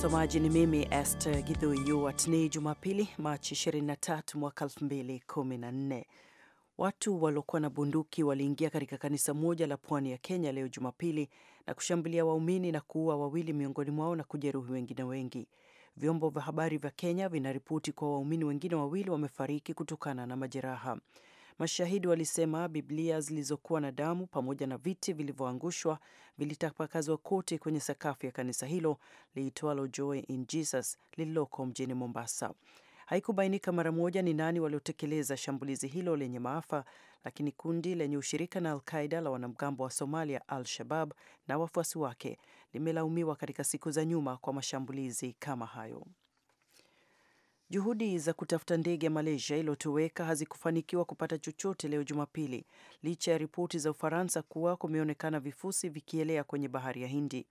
Msomaji ni mimi Esther Githui Ni Jumapili, Machi 23 mwaka 2014. Watu waliokuwa na bunduki waliingia katika kanisa moja la pwani ya Kenya leo Jumapili na kushambulia waumini na kuua wawili miongoni mwao na kujeruhi wengine wengi. Vyombo vya habari vya Kenya vinaripoti kuwa waumini wengine wawili wamefariki kutokana na majeraha. Mashahidi walisema Biblia zilizokuwa na damu pamoja na viti vilivyoangushwa vilitapakazwa kote kwenye sakafu ya kanisa hilo liitwalo Joy in Jesus lililoko mjini Mombasa. Haikubainika mara moja ni nani waliotekeleza shambulizi hilo lenye maafa, lakini kundi lenye ushirika na alqaida la wanamgambo wa Somalia Al-Shabab na wafuasi wake limelaumiwa katika siku za nyuma kwa mashambulizi kama hayo. Juhudi za kutafuta ndege ya Malaysia iliyotoweka hazikufanikiwa kupata chochote leo Jumapili, licha ya ripoti za Ufaransa kuwa kumeonekana vifusi vikielea kwenye bahari ya Hindi.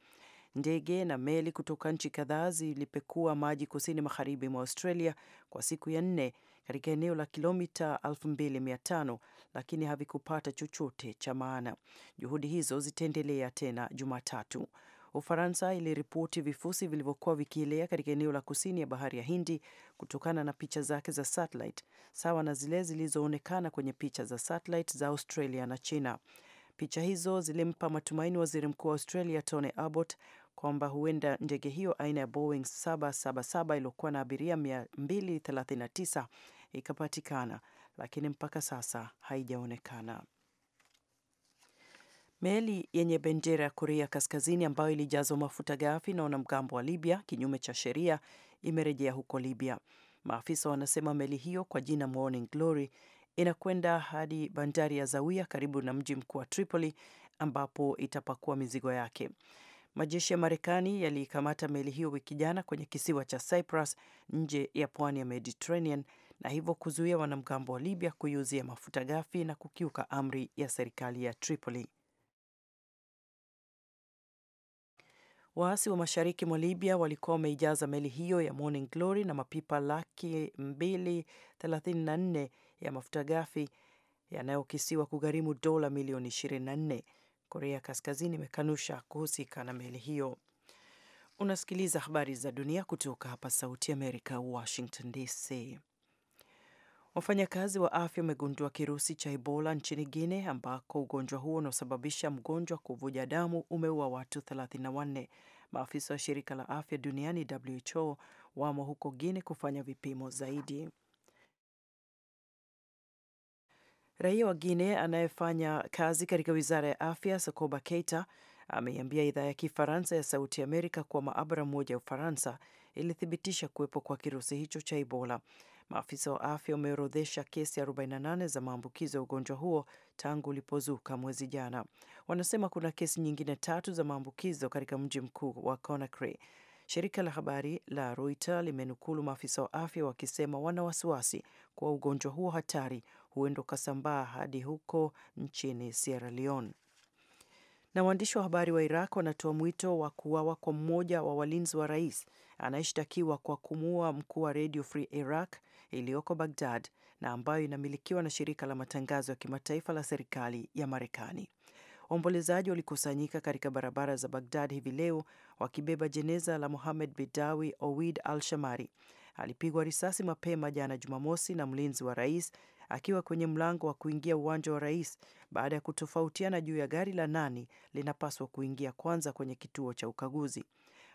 Ndege na meli kutoka nchi kadhaa zilipekua maji kusini magharibi mwa Australia kwa siku ya nne katika eneo la kilomita 2500 lakini havikupata chochote cha maana. Juhudi hizo zitaendelea tena Jumatatu. Ufaransa iliripoti vifusi vilivyokuwa vikielea katika eneo la kusini ya bahari ya Hindi kutokana na picha zake za satellite, sawa na zile zilizoonekana kwenye picha za satellite za Australia na China. Picha hizo zilimpa matumaini waziri mkuu wa Australia Tony Abbott kwamba huenda ndege hiyo aina ya Boeing 777 iliyokuwa na abiria 239 ikapatikana, lakini mpaka sasa haijaonekana. Meli yenye bendera ya Korea Kaskazini ambayo ilijazwa mafuta ghafi na wanamgambo wa Libya kinyume cha sheria imerejea huko Libya. Maafisa wanasema meli hiyo kwa jina Morning Glory inakwenda hadi bandari ya Zawiya karibu na mji mkuu wa Tripoli ambapo itapakua mizigo yake. Majeshi ya Marekani yaliikamata meli hiyo wiki jana kwenye kisiwa cha Cyprus nje ya pwani ya Mediterranean na hivyo kuzuia wanamgambo wa Libya kuiuzia mafuta ghafi na kukiuka amri ya serikali ya Tripoli. Waasi wa mashariki mwa Libya walikuwa wameijaza meli hiyo ya Morning Glory na mapipa laki 234 ya mafuta ghafi yanayokisiwa kugharimu dola milioni 24. Korea Kaskazini imekanusha kuhusika na meli hiyo. Unasikiliza habari za dunia kutoka hapa Sauti Amerika, Washington DC. Wafanyakazi wa afya wamegundua kirusi cha Ebola nchini guine ambako ugonjwa huo unaosababisha mgonjwa kuvuja damu umeua watu 34. Maafisa wa shirika la afya duniani WHO wamo huko guine kufanya vipimo zaidi. Raia wa guine anayefanya kazi katika wizara ya afya Sokoba Keita ameiambia idhaa ya Kifaransa ya Sauti Amerika kuwa maabara moja ya Ufaransa ilithibitisha kuwepo kwa kirusi hicho cha Ebola. Maafisa wa afya wameorodhesha kesi 48 za maambukizo ya ugonjwa huo tangu ulipozuka mwezi jana. Wanasema kuna kesi nyingine tatu za maambukizo katika mji mkuu wa Conakry. Shirika la habari la Reuters limenukulu maafisa wa afya wakisema wana wasiwasi kuwa ugonjwa huo hatari huenda ukasambaa hadi huko nchini Sierra Leone. Na waandishi wa habari wa Iraq wanatoa mwito wa kuuawa kwa mmoja wa walinzi wa rais anayeshtakiwa kwa kumuua mkuu wa Radio Free Iraq iliyoko bagdad na ambayo inamilikiwa na shirika la matangazo ya kimataifa la serikali ya Marekani. Waombolezaji walikusanyika katika barabara za bagdad hivi leo wakibeba jeneza la Mohamed Bidawi Owid al-Shamari. Alipigwa risasi mapema jana Jumamosi na mlinzi wa rais akiwa kwenye mlango wa kuingia uwanja wa rais baada ya kutofautiana juu ya gari la nani linapaswa kuingia kwanza kwenye kituo cha ukaguzi.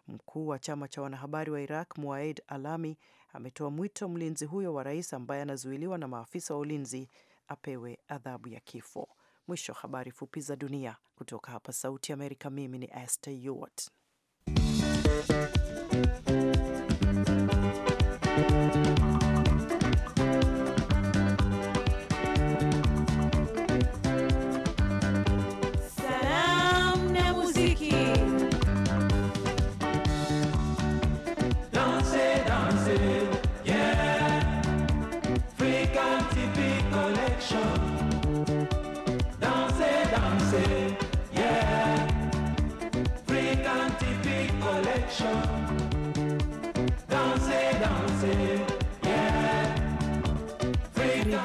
Mkuu wa chama cha wanahabari wa Iraq Muaid Alami ametoa mwito mlinzi huyo wa rais ambaye anazuiliwa na maafisa wa ulinzi apewe adhabu ya kifo. Mwisho wa habari fupi za dunia kutoka hapa Sauti Amerika. Mimi ni Esther Yuwat.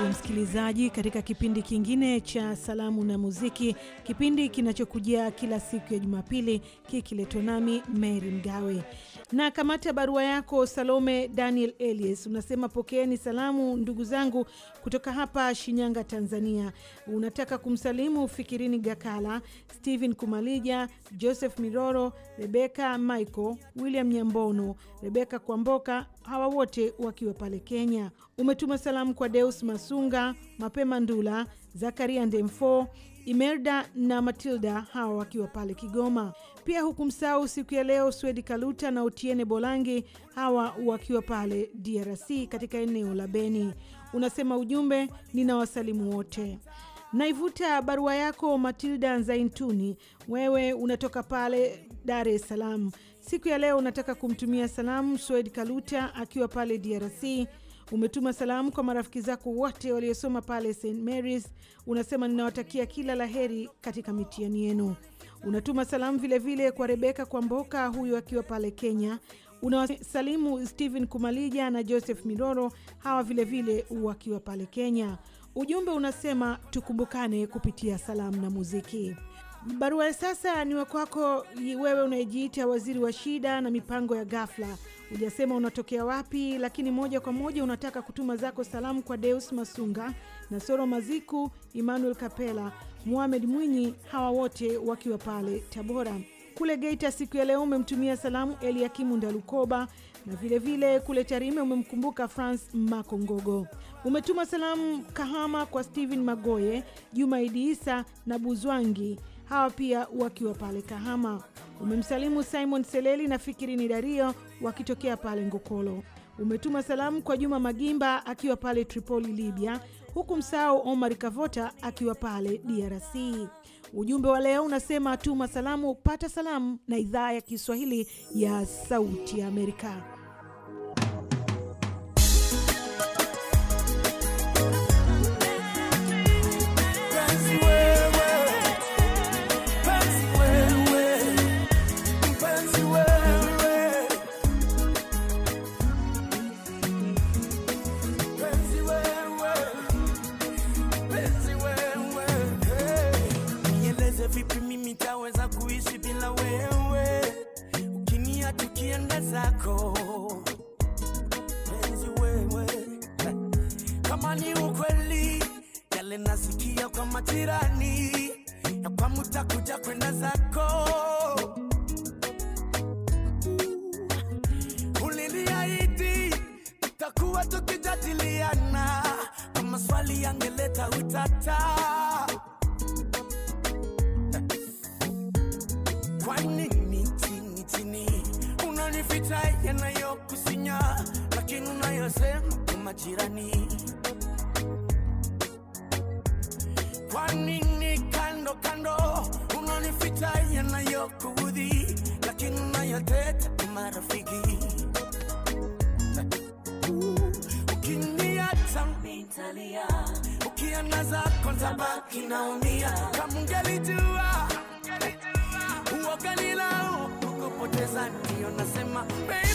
Msikilizaji, katika kipindi kingine cha salamu na muziki, kipindi kinachokujia kila siku ya Jumapili kikiletwa nami Mary Mgawe. Na kamati ya barua yako Salome Daniel Elias unasema, pokeeni salamu ndugu zangu kutoka hapa Shinyanga, Tanzania. Unataka kumsalimu Fikirini Gakala, Stephen Kumalija, Joseph Miroro, Rebeka Michael, William Nyambono, Rebeka Kwamboka, hawa wote wakiwa pale Kenya. Umetuma salamu kwa Deus Masunga, Mapema Ndula, Zakaria Ndemfo Imelda na Matilda hawa wakiwa pale Kigoma. Pia hukumsahau siku ya leo Swedi Kaluta na Otiene Bolangi hawa wakiwa pale DRC katika eneo la Beni. Unasema ujumbe, ninawasalimu wote. Naivuta barua yako Matilda zaintuni wewe unatoka pale Dar es Salaam. Siku ya leo unataka kumtumia salamu Swedi Kaluta akiwa pale DRC Umetuma salamu kwa marafiki zako wote waliosoma pale St Mary's. Unasema ninawatakia kila la heri katika mitihani yenu. Unatuma salamu vilevile vile kwa Rebeka Kwamboka, huyu akiwa pale Kenya. Unawasalimu Stephen Kumalija na Joseph Miroro, hawa vilevile vile wakiwa pale Kenya. Ujumbe unasema tukumbukane kupitia salamu na muziki. Barua ya sasa ni wakwako wewe unayejiita waziri wa shida na mipango ya ghafla. Hujasema unatokea wapi, lakini moja kwa moja unataka kutuma zako salamu kwa Deus Masunga, na soro Maziku, Emmanuel Kapela, muhamed Mwinyi, hawa wote wakiwa pale Tabora. Kule Geita siku ya leo umemtumia salamu Eliakimu Ndalukoba na vilevile vile kule Tarime umemkumbuka Franc Makongogo. Umetuma salamu Kahama kwa stehen Magoye, Juma Idi Isa na Buzwangi, hawa pia wakiwa pale Kahama. Umemsalimu Simon Seleli na Fikiri ni Dario wakitokea pale Ngokolo. Umetuma salamu kwa Juma Magimba akiwa pale Tripoli, Libya, huku msahau Omar Kavota akiwa pale DRC. Ujumbe wa leo unasema tuma salamu, pata salamu na idhaa ya Kiswahili ya Sauti ya Amerika. zako penzi wewe, kama ni ukweli yale nasikia kwa majirani ya kwa mutakuja kwenda zako uliniahidi tutakuwa tukijadiliana, kwa maswali yangeleta utata yanayokusinya, lakini unayosema ni majirani. Kwa nini kando kando unanificha yanayokuudhi, lakini unayoteta ni marafiki? Ukiniacha uh, nitalia, ukienda zako ntabaki naumia. Kama ungelijua uoga nilau kukupoteza, ndiyo nasema baby.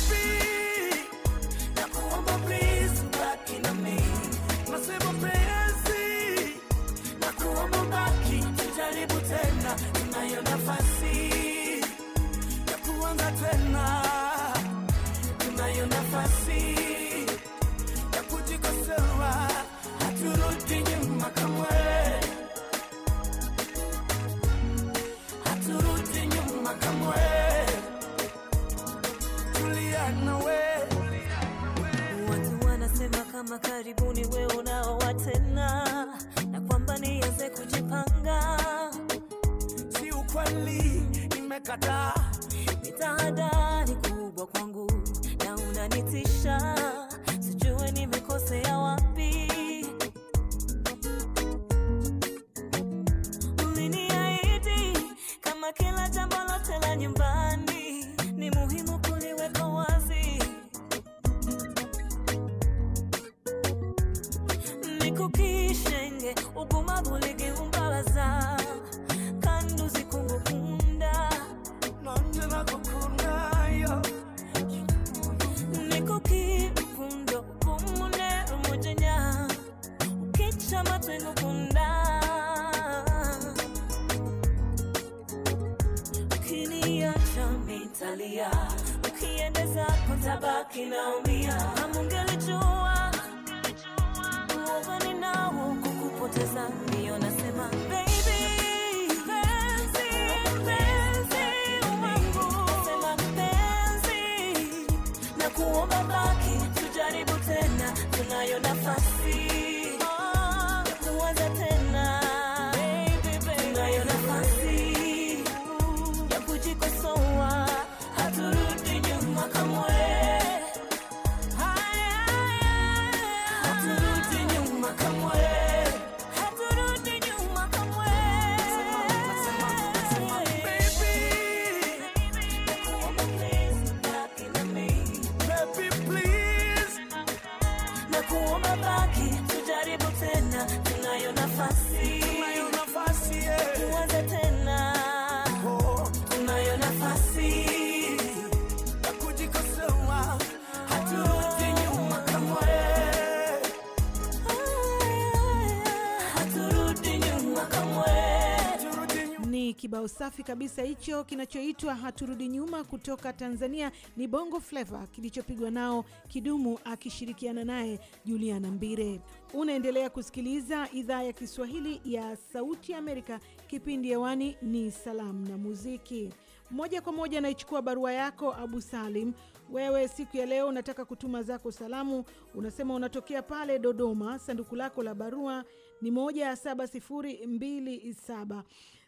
safi kabisa hicho kinachoitwa haturudi nyuma kutoka Tanzania ni Bongo Flava kilichopigwa nao Kidumu akishirikiana naye Juliana Mbire. Unaendelea kusikiliza idhaa ya Kiswahili ya Sauti Amerika. Kipindi hewani ni Salamu na Muziki. Moja kwa moja naichukua barua yako Abu Salim. Wewe siku ya leo unataka kutuma zako salamu, unasema unatokea pale Dodoma. Sanduku lako la barua ni moja saba sifuri mbili saba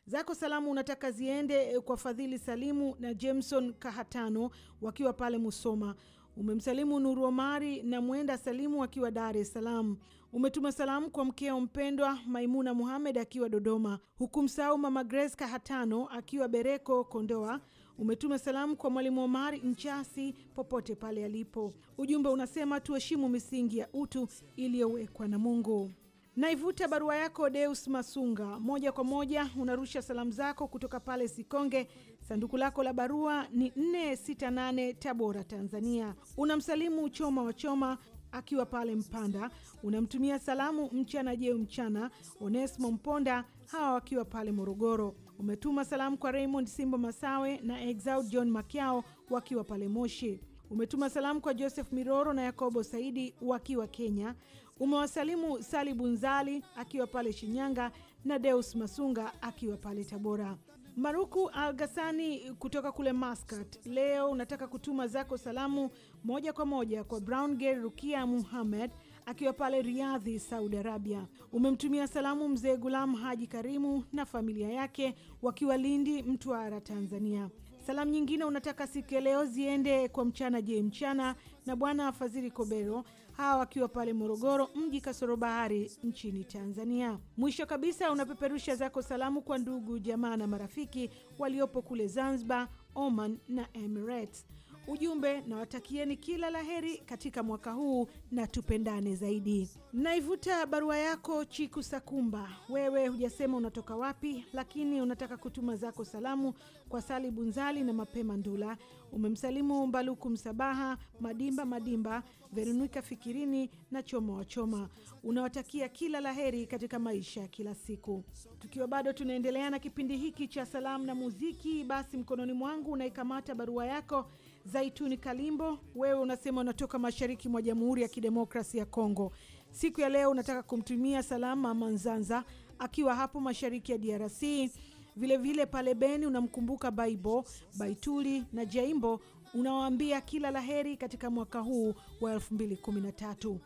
Zako salamu unataka ziende eh, kwa Fadhili Salimu na Jameson Kahatano wakiwa pale Musoma. Umemsalimu Nuru Omari na Mwenda Salimu akiwa Dar es Salaam. Umetuma salamu kwa mkeo mpendwa Maimuna Muhamed akiwa Dodoma, huku msahau Mama Grace Kahatano akiwa Bereko, Kondoa. Umetuma salamu kwa Mwalimu Omari Nchasi popote pale alipo. Ujumbe unasema tuheshimu misingi ya utu iliyowekwa na Mungu. Naivuta barua yako Deus Masunga, moja kwa moja unarusha salamu zako kutoka pale Sikonge. Sanduku lako la barua ni 468 Tabora, Tanzania. Unamsalimu Choma wa Choma akiwa pale Mpanda. Unamtumia salamu Mchana Jeu Mchana, onesimo Mponda, hawa wakiwa pale Morogoro. Umetuma salamu kwa Raymond Simbo Masawe na Exaud John Makiao wakiwa pale Moshi. Umetuma salamu kwa Joseph Miroro na Yakobo Saidi wakiwa Kenya umewasalimu Sali Bunzali akiwa pale Shinyanga na Deus Masunga akiwa pale Tabora. Maruku Algasani kutoka kule Maskat, leo unataka kutuma zako salamu moja kwa moja kwa Brown Girl Rukia muhammed akiwa pale Riadhi, Saudi Arabia. Umemtumia salamu mzee Gulam Haji Karimu na familia yake wakiwa Lindi, Mtwara, Tanzania. Salamu nyingine unataka siku ya leo ziende kwa mchana je mchana na bwana Fadhili Kobero hawa wakiwa pale Morogoro mji kasoro bahari nchini Tanzania. Mwisho kabisa, unapeperusha zako salamu kwa ndugu jamaa na marafiki waliopo kule Zanzibar, Oman na Emirates ujumbe na watakieni kila laheri katika mwaka huu na tupendane zaidi. Naivuta barua yako Chiku Sakumba, wewe hujasema unatoka wapi, lakini unataka kutuma zako salamu kwa Sali Bunzali na Mapema Ndula. Umemsalimu Mbaluku Msabaha, Madimba Madimba, Veronika Fikirini na Choma wa Choma. Unawatakia kila laheri katika maisha ya kila siku. Tukiwa bado tunaendelea na kipindi hiki cha salamu na muziki, basi mkononi mwangu unaikamata barua yako Zaituni Kalimbo, wewe unasema unatoka mashariki mwa Jamhuri ya Kidemokrasi ya Kongo. Siku ya leo unataka kumtumia salamu Mama Nzanza akiwa hapo mashariki ya DRC. Vilevile vile pale Beni unamkumbuka Baibo Baituli na Jaimbo, unawaambia kila laheri katika mwaka huu wa 2013.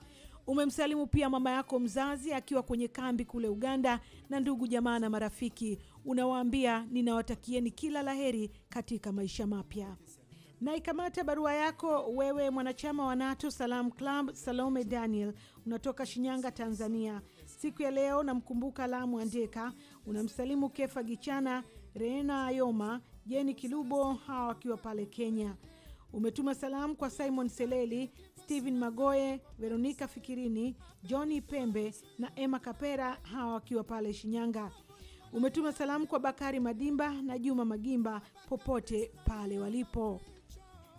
Umemsalimu pia mama yako mzazi akiwa kwenye kambi kule Uganda na ndugu jamaa na marafiki, unawaambia ninawatakieni kila laheri katika maisha mapya. Naikamata barua yako wewe, mwanachama wa NATO Salam Club. Salome Daniel, unatoka Shinyanga, Tanzania. Siku ya leo namkumbuka Lamu Andeka, unamsalimu Kefa Gichana, rena Ayoma, Jeni Kilubo, hawa wakiwa pale Kenya. Umetuma salamu kwa Simon Seleli, Stephen Magoye, Veronika Fikirini, Johnny Pembe na Emma Kapera, hawa wakiwa pale Shinyanga. Umetuma salamu kwa Bakari Madimba na Juma Magimba popote pale walipo.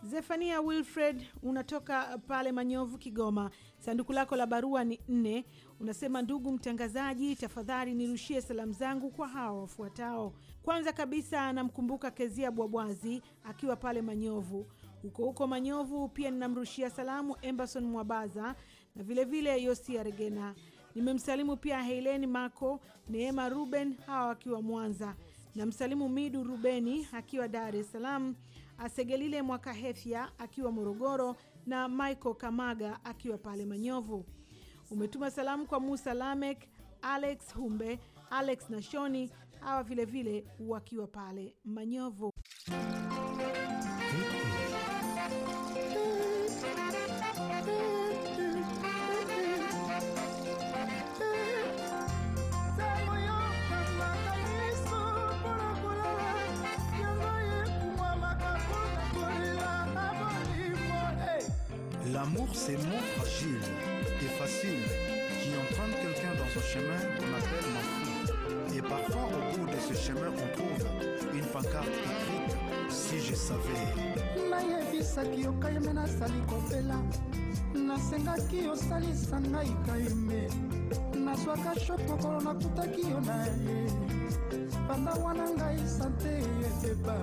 Zefania Wilfred, unatoka pale Manyovu, Kigoma. Sanduku lako la barua ni nne. Unasema, ndugu mtangazaji, tafadhali nirushie salamu zangu kwa hawa wafuatao. Kwanza kabisa namkumbuka Kezia Bwabwazi akiwa pale Manyovu, huko huko Manyovu. Pia ninamrushia salamu Emerson Mwabaza na vilevile vile Yosia Regena. Nimemsalimu pia helen Mako, Neema Ruben, hawa wakiwa Mwanza. Namsalimu Midu Rubeni akiwa Dar es Salaam. Asegelile Mwakahefya akiwa Morogoro na Michael Kamaga akiwa pale Manyovu. Umetuma salamu kwa Musa Lamek, Alex Humbe, Alex Nashoni hawa vilevile wakiwa pale Manyovu. ce chemin qu'on appelle ma Et parfois, au bout de ce chemin, on trouve une pancarte écrite Si je savais. nayebisaki yo kayeme nasali kopela nasengaki osalisa ngai kayeme nazwaka shok mokolo nakutaki yo na ye banda wana ngai sante ebeba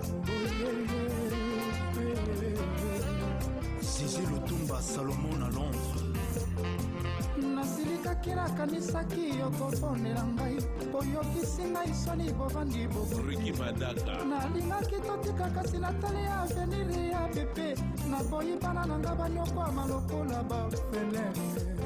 oyeye le lutumba salomo na londres otakila kanisaki okofondela ngai boyokisi ngai soni bovandi bobokimadaka nalingaki totika kasi natali ya aveniri ya pepe naboyi bana na nga banyokwa malokola bafenere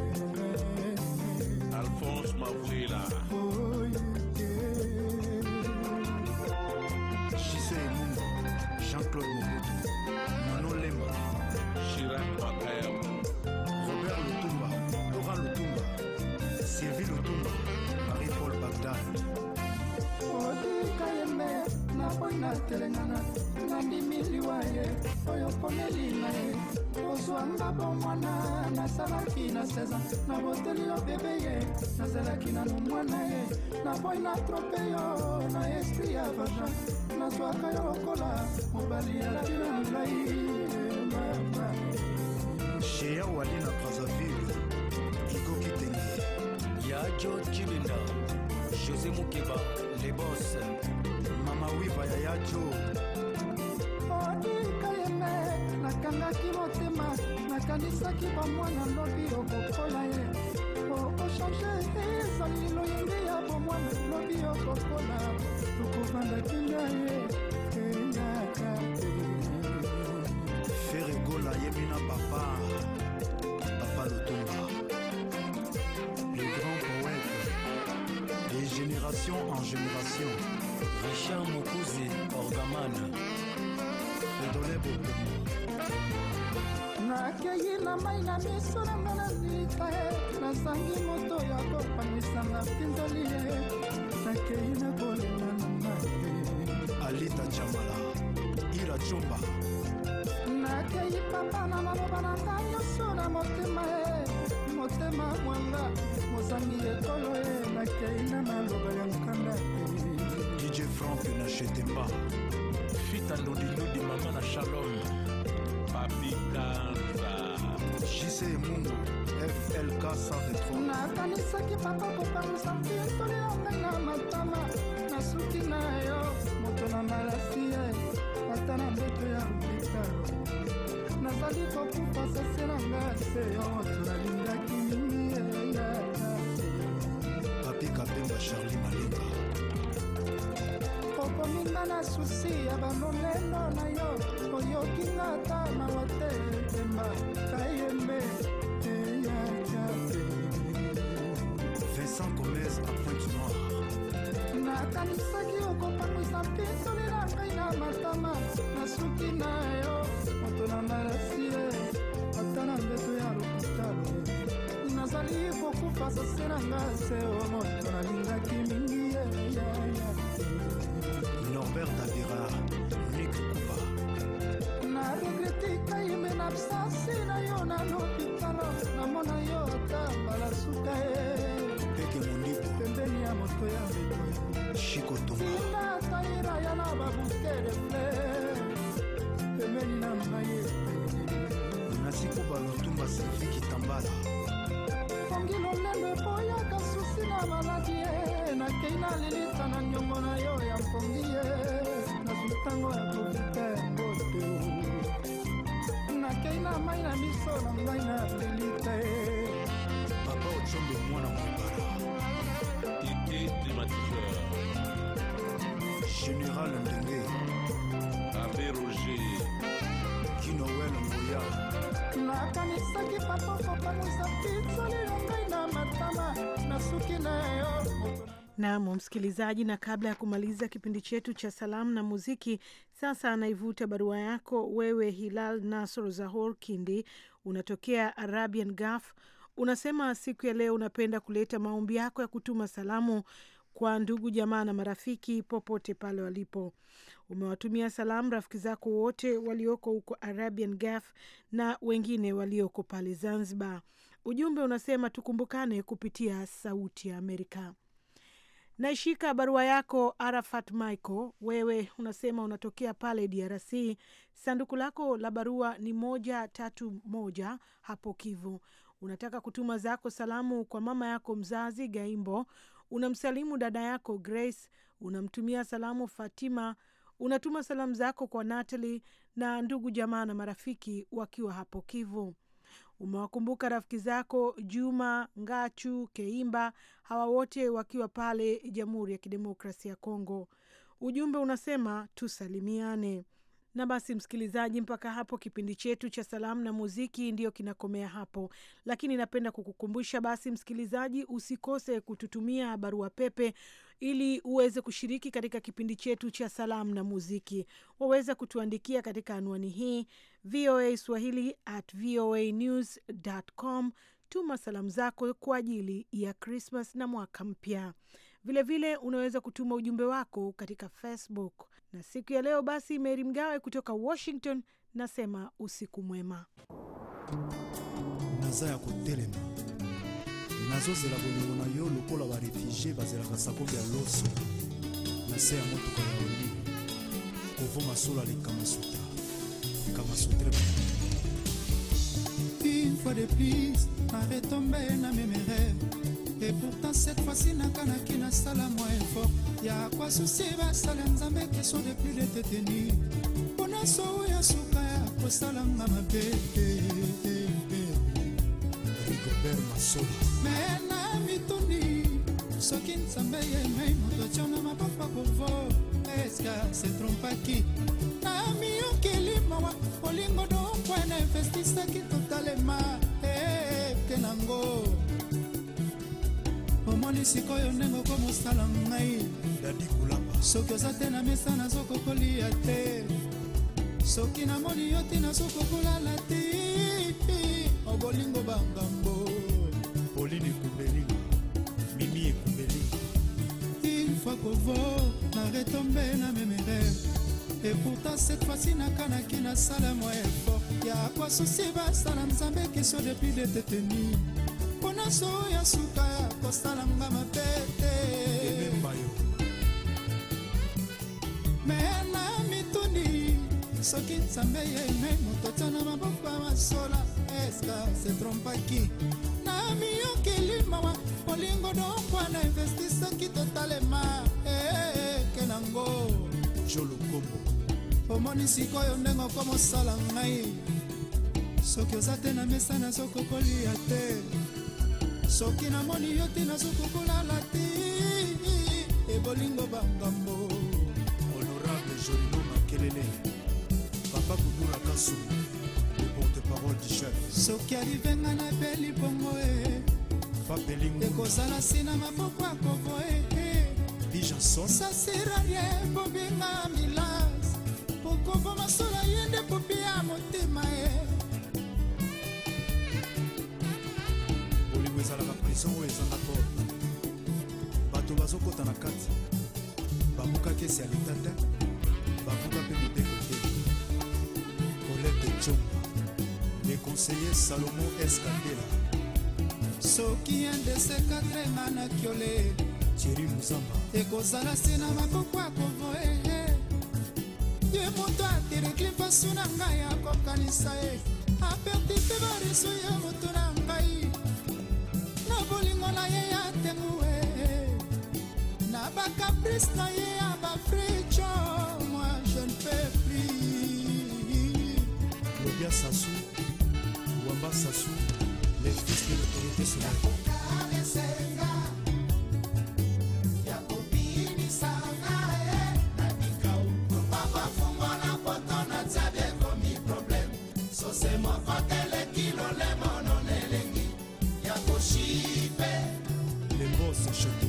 natelengana nandimi liwa ye oyo poneli na ye kozwanga bomwana nasalaki na 16 na boteli yo bebe ye nazalaki nano mwana ye naboyi na trope yo na esprit ya vaja nazwaka yo lokola mobali yalaki na molai mama sheya wali na brazzaville ikokitenge ya jo cilinda josé mokeba lebos mama wiva yaya jo otikalembe nakangaki motema nakanisaki bamwana lobi okokola génération en génération. Richard Mokouzé, Orgaman. Edolé Bokomo. nakei na mai na miso na nga na lita e nasangi moto ya kopangisanga mpindoli e nakei na kolela na ngai e. alita jamala ira jumba nakei papa na maloba na ngai nyonso na motema e motema mwanga mozangi ekolo e nakei na maloba ya nkanda te dj frank nachete mba fita ndondindodi mama na shalom papikanza jise mungu flk 123 nakanisaki papa kopangusa mpintoli yongenga matama nasuki na yo moto na malasi ye ata na mbeto ya rubika nazali kokufa sese na ngai te yo nga na susi ya bamoneno na yo oyoki nga ata mawa te pemba kayembe eyaka vincent gomez a pointe noir nakanisaki okopangwisa mpinzoli na ngai na matama nasuki na yo moto na ngai asile ata na mbeto ya lopitalo nazali kokufa sase na nga se omoi nasikoba lotumba silvi kitambala ongi lolendo ekoyaka susi na maladi ye nakei na lilita na niongo na yo ya mpongi ye nazwi ntango ya kovita yango te nakei na mai na miso na ngai na lilita ye papa ocombe mwana mobala ete climatiseur ngai na matama na suki na yo nam msikilizaji, na kabla ya kumaliza kipindi chetu cha salamu na muziki, sasa anaivuta barua yako wewe, Hilal Nasr Zahor Kindi, unatokea Arabian gaf Unasema siku ya leo unapenda kuleta maombi yako ya kutuma salamu kwa ndugu jamaa na marafiki popote pale walipo. Umewatumia salamu rafiki zako wote walioko huko Arabian Gulf na wengine walioko pale Zanzibar. Ujumbe unasema tukumbukane kupitia Sauti ya Amerika. Naishika barua yako Arafat Michael. Wewe unasema unatokea pale DRC. Sanduku lako la barua ni moja tatu moja hapo Kivu. Unataka kutuma zako salamu kwa mama yako mzazi Gaimbo unamsalimu dada yako Grace, unamtumia salamu Fatima, unatuma salamu zako kwa natali na ndugu jamaa na marafiki wakiwa hapo Kivu. Umewakumbuka rafiki zako Juma Ngachu Keimba, hawa wote wakiwa pale Jamhuri ya Kidemokrasia ya Kongo. Ujumbe unasema tusalimiane. Na basi, msikilizaji, mpaka hapo kipindi chetu cha salamu na muziki ndiyo kinakomea hapo, lakini napenda kukukumbusha basi, msikilizaji, usikose kututumia barua pepe ili uweze kushiriki katika kipindi chetu cha salamu na muziki. Waweza kutuandikia katika anwani hii VOA Swahili at com. Tuma salamu zako kwa ajili ya Krismas na mwaka mpya. Vilevile unaweza kutuma ujumbe wako katika Facebook. Na siku ya leo basi, Meri Mgawe kutoka Washington nasema usiku mwema naza ya kotelema nazozela bolingo na yo lokola barefugie bazelaka sakobi ya loso na se ya motuka ya olii kovonga sola lekamasuta kamasuta une fois de plus arrête tomber mes rêves et pourtant cette fois-ci nakanaki nasala mwa effort ya kwa susi basala nzambe kesio depuis le teteni mpona sou ya suka ya kosalanga mabe me na mitundi soki nzambe yemei moto ationa mapapa kovo eske se trompaki na miyokeli mawa olingo donkwana investisaki totalema epke eh, eh, eh, nango hey, omoni sikoyo ndenge okomosala ngai soki oza te na mesa nazokokolia te soki namoni yo te nazokokolala te obolingo oh, bangambo polini ekumbeli mimi ekumbeli ilfoi kovo na retombe na memere epourtant cette fois-ci nakanaki nasala mwa effort ya kwasusi basala nzambe kesio depuis deteteni mpo nyonso ya suka kosala nga mabe te me na mituni soki nzambe yeme moto tia na maboko ya masola eska se trompaki na miyokeli mawa molingo donkwana investi soki totalema eke eh, nango jolokombo omoni sikoyo ndenge okomosala ngai soki oza te na mesa nazokokolia te soki namoni yo te nazokokolala te ebolingo bangambo honorable jolino makelele papa kuduraka su le porte-parole du chef soki alivenga na beli bongo e ekozala nsina maboko ya kovo e bijanson sasirarie bobinga milas pokoboma sola prison oyo ezanga porte bato bazokɔta na kati babuka kesi ya leta te babuka mpe mibeko te kolete congo leconseiller salomo eskandela soki indesekadrema na kiole tieri muzamba ekozala se na maboko ya konvoe ye moto aterekli mpasu na ngai akokanisa ye aperti mpe bareso ya moto na bolingo na ye ya tengu e na bacaprice na ye ya bafricho moi je ne peux plus lobia sasu wamba sasu les fils de l'autorité sera Yesu nshuti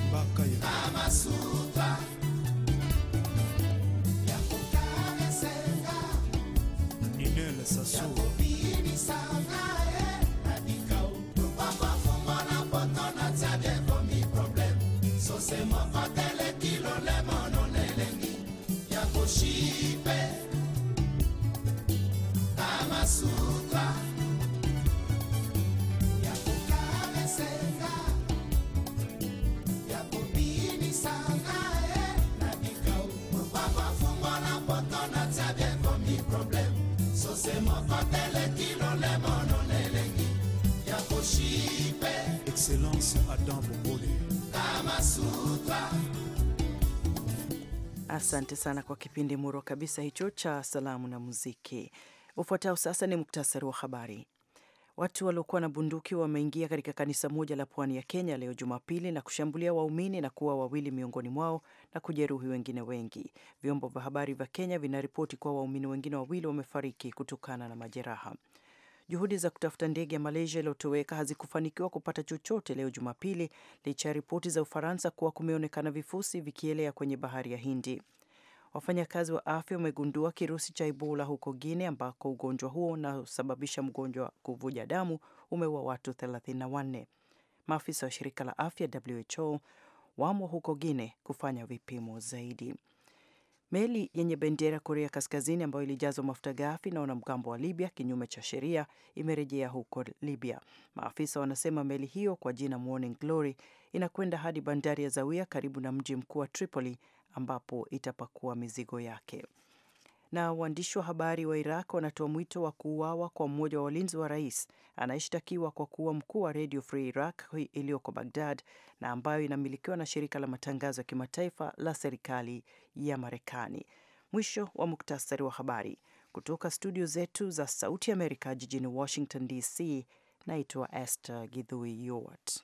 excellence adam bobole asante sana kwa kipindi muro kabisa hicho cha salamu na muziki ufuatao sasa ni muktasari wa habari Watu waliokuwa na bunduki wameingia katika kanisa moja la pwani ya Kenya leo Jumapili na kushambulia waumini na kuua wawili miongoni mwao na kujeruhi wengine wengi. Vyombo vya habari vya Kenya vinaripoti kuwa waumini wengine wawili wamefariki kutokana na majeraha. Juhudi za kutafuta ndege ya Malaysia iliyotoweka hazikufanikiwa kupata chochote leo Jumapili licha ya ripoti za Ufaransa kuwa kumeonekana vifusi vikielea kwenye bahari ya Hindi. Wafanyakazi wa afya wamegundua kirusi cha Ebola huko Guinea ambako ugonjwa huo unaosababisha mgonjwa kuvuja damu umeua watu 34. Maafisa wa shirika la afya WHO wamo huko Guinea kufanya vipimo zaidi. Meli yenye bendera Korea Kaskazini ambayo ilijazwa mafuta ghafi na wanamgambo wa Libya kinyume cha sheria imerejea huko Libya. Maafisa wanasema meli hiyo kwa jina Morning Glory inakwenda hadi bandari ya zawia karibu na mji mkuu wa Tripoli ambapo itapakua mizigo yake. Na waandishi wa habari wa Iraq wanatoa mwito wa kuuawa kwa mmoja wa walinzi wa rais anayeshtakiwa kwa kuwa mkuu wa Radio Free Iraq iliyoko bagdad na ambayo inamilikiwa na shirika la matangazo ya kimataifa la serikali ya Marekani. Mwisho wa muktasari wa habari kutoka studio zetu za Sauti Amerika jijini Washington DC. Naitwa Esther Gidhui Yort.